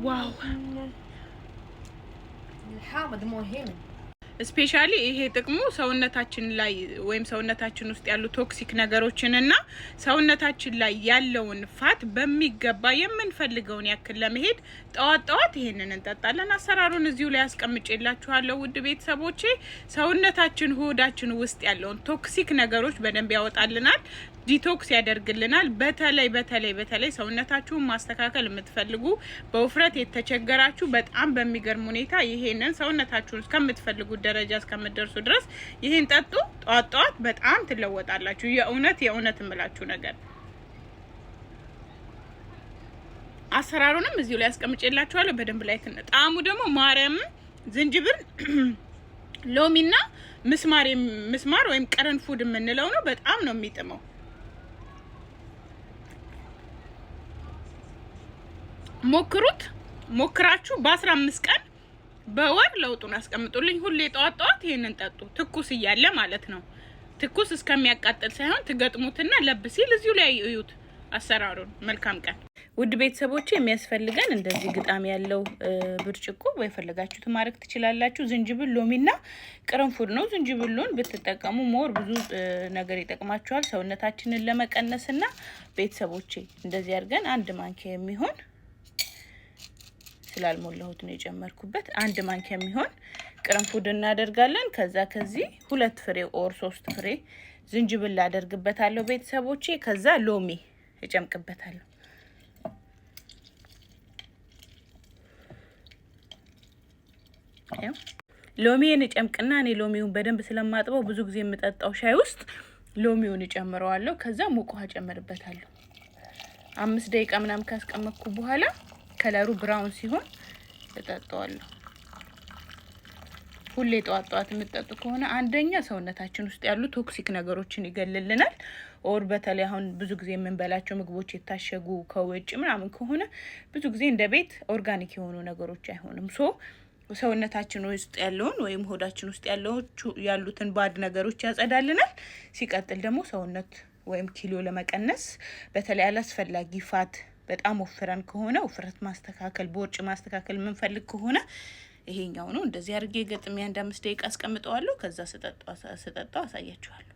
Wow. How about the more him. ስፔሻሊ ይሄ ጥቅሙ ሰውነታችን ላይ ወይም ሰውነታችን ውስጥ ያሉ ቶክሲክ ነገሮችን እና ሰውነታችን ላይ ያለውን ፋት በሚገባ የምንፈልገውን ያክል ለመሄድ ጠዋት ጠዋት ይሄንን እንጠጣለን። አሰራሩን እዚሁ ላይ አስቀምጬላችኋለሁ ውድ ቤተሰቦቼ። ሰውነታችን ሆዳችን ውስጥ ያለውን ቶክሲክ ነገሮች በደንብ ያወጣልናል፣ ዲቶክስ ያደርግልናል። በተለይ በተለይ በተለይ ሰውነታችሁን ማስተካከል የምትፈልጉ በውፍረት የተቸገራችሁ በጣም በሚገርም ሁኔታ ይሄንን ሰውነታችሁን እስከምትፈልጉ ደረጃ እስከምደርሱ ድረስ ይህን ጠጡ። ጠዋት ጠዋት በጣም ትለወጣላችሁ። የእውነት የእውነት እምላችሁ ነገር አሰራሩንም እዚሁ ላይ አስቀምጬላችኋለሁ። በደንብ ላይ ጣዕሙ ደግሞ ማርያም ዝንጅብል፣ ሎሚና ምስማር ምስማር ወይም ቅርንፉድ የምንለው ነው። በጣም ነው የሚጥመው። ሞክሩት። ሞክራችሁ በአስራ አምስት ቀን በወር ለውጡን አስቀምጡልኝ። ሁሌ ጠዋት ጠዋት ይሄንን ጠጡ፣ ትኩስ እያለ ማለት ነው። ትኩስ እስከሚያቃጥል ሳይሆን ትገጥሙትና ለብ ሲል እዚሁ ላይ እዩት አሰራሩን። መልካም ቀን ውድ ቤተሰቦች። የሚያስፈልገን እንደዚህ ግጣም ያለው ብርጭቆ የፈለጋችሁት ማድረግ ትችላላችሁ። ዝንጅብል፣ ሎሚና ቅርንፉድ ነው። ዝንጅብሉን ብትጠቀሙ ሞር ብዙ ነገር ይጠቅማችኋል፣ ሰውነታችንን ለመቀነስና ቤተሰቦቼ። እንደዚህ አድርገን አንድ ማንኪያ የሚሆን ስላልሞላሁት ነው የጨመርኩበት። አንድ ማንኪያ የሚሆን ቅርንፉድ እናደርጋለን። ከዛ ከዚህ ሁለት ፍሬ ኦር ሶስት ፍሬ ዝንጅብል ላደርግበታለሁ ቤተሰቦቼ። ከዛ ሎሚ እጨምቅበታለሁ። ሎሚን እጨምቅና እኔ ሎሚውን በደንብ ስለማጥበው ብዙ ጊዜ የምጠጣው ሻይ ውስጥ ሎሚውን እጨምረዋለሁ። ከዛ ሙቅ ውሃ እጨምርበታለሁ። አምስት ደቂቃ ምናምን ካስቀመጥኩ በኋላ ከለሩ ብራውን ሲሆን እጠጣዋለሁ። ሁሌ ጠዋት ጠዋት የምትጠጡ ከሆነ አንደኛ ሰውነታችን ውስጥ ያሉ ቶክሲክ ነገሮችን ይገልልናል። ኦር በተለይ አሁን ብዙ ጊዜ የምንበላቸው ምግቦች የታሸጉ ከውጭ ምናምን ከሆነ ብዙ ጊዜ እንደ ቤት ኦርጋኒክ የሆኑ ነገሮች አይሆንም። ሶ ሰውነታችን ውስጥ ያለውን ወይም ሆዳችን ውስጥ ያሉትን ባድ ነገሮች ያጸዳልናል። ሲቀጥል ደግሞ ሰውነት ወይም ኪሎ ለመቀነስ በተለይ አላስፈላጊ ፋት በጣም ወፍረን ከሆነ ውፍረት ማስተካከል፣ ቦርጭ ማስተካከል የምንፈልግ ከሆነ ይሄኛው ነው። እንደዚህ አድርጌ ገጥሜ አንድ አምስት ደቂቃ አስቀምጠዋለሁ። ከዛ ስጠጣው አሳያችኋለሁ።